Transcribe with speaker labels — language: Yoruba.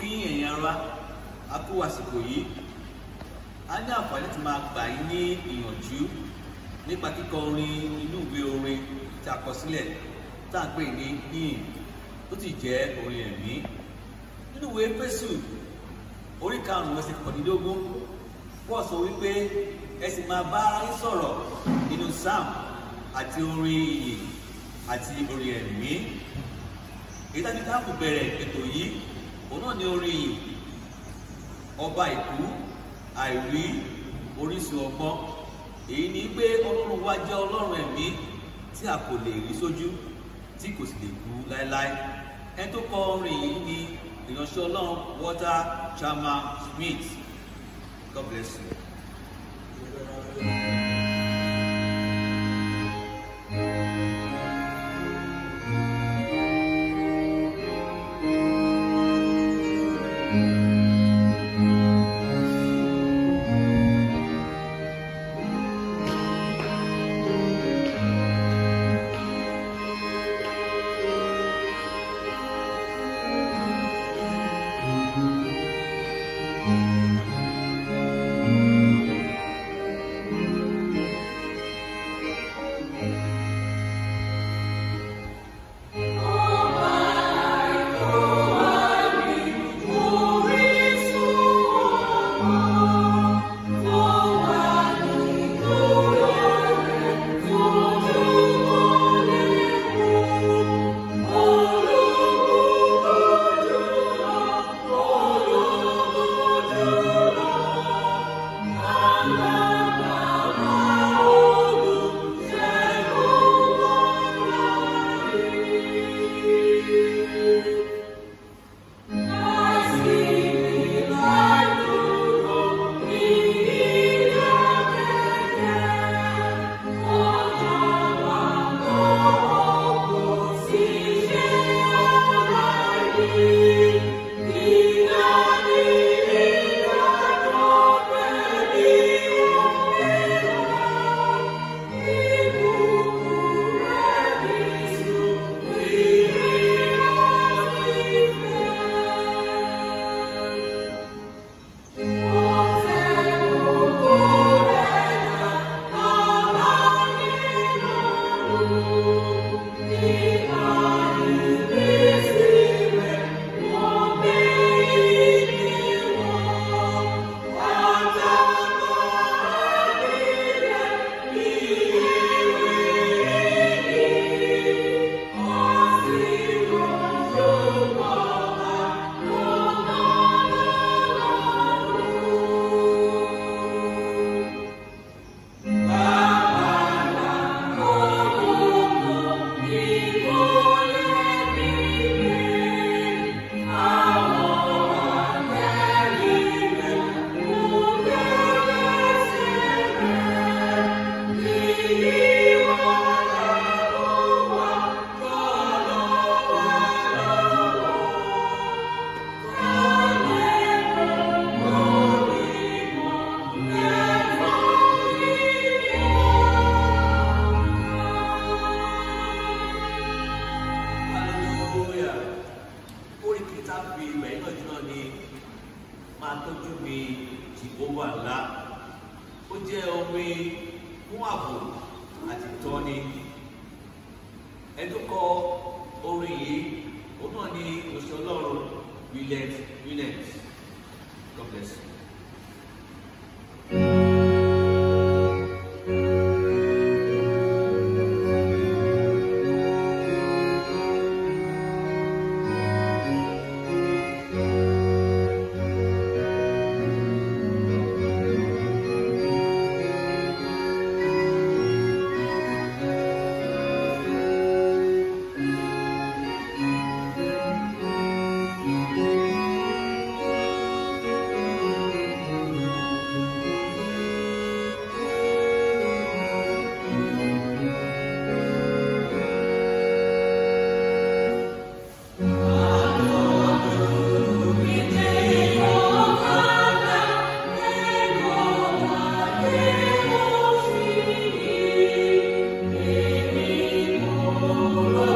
Speaker 1: kí ẹ̀yin ará a kú àsìkò yìí a ní àǹfààní tí máa gbà yín ní ìyànjú nípa kíkọ orin inú ìwé orin tí a kọ sílẹ̀ tá à ń pè ní yìn tó ti jẹ́ orin ẹ̀mí nínú ìwé Éfésù orí karùn ẹsẹ̀ kọ̀ọ̀dínlógún pọ̀ sọ wípé ẹ máa bá yín sọ̀rọ̀ nínú sam àti orin ìyìn àti orin ẹ̀mí èyí tájú táàbù bẹ̀rẹ̀ ètò yìí òun náà ni orin yìí ọba ìkú àìrí orísun ọgbọ́n èyí ni pé ọlọ́run wa jẹ́ ọlọ́run ẹ̀mí tí a kò lè rí sójú tí kò sì lè kú láéláé ẹni tó kọ orin yìí ni ìránṣẹ́ ọlọ́run water Chama Smith God bless you.
Speaker 2: Mm-hmm.
Speaker 1: fún ààbò àti ìtọ́ni ẹdúkọ orin yìí òun náà ni òṣèlú ọlọ́run Williams Williams. Lord.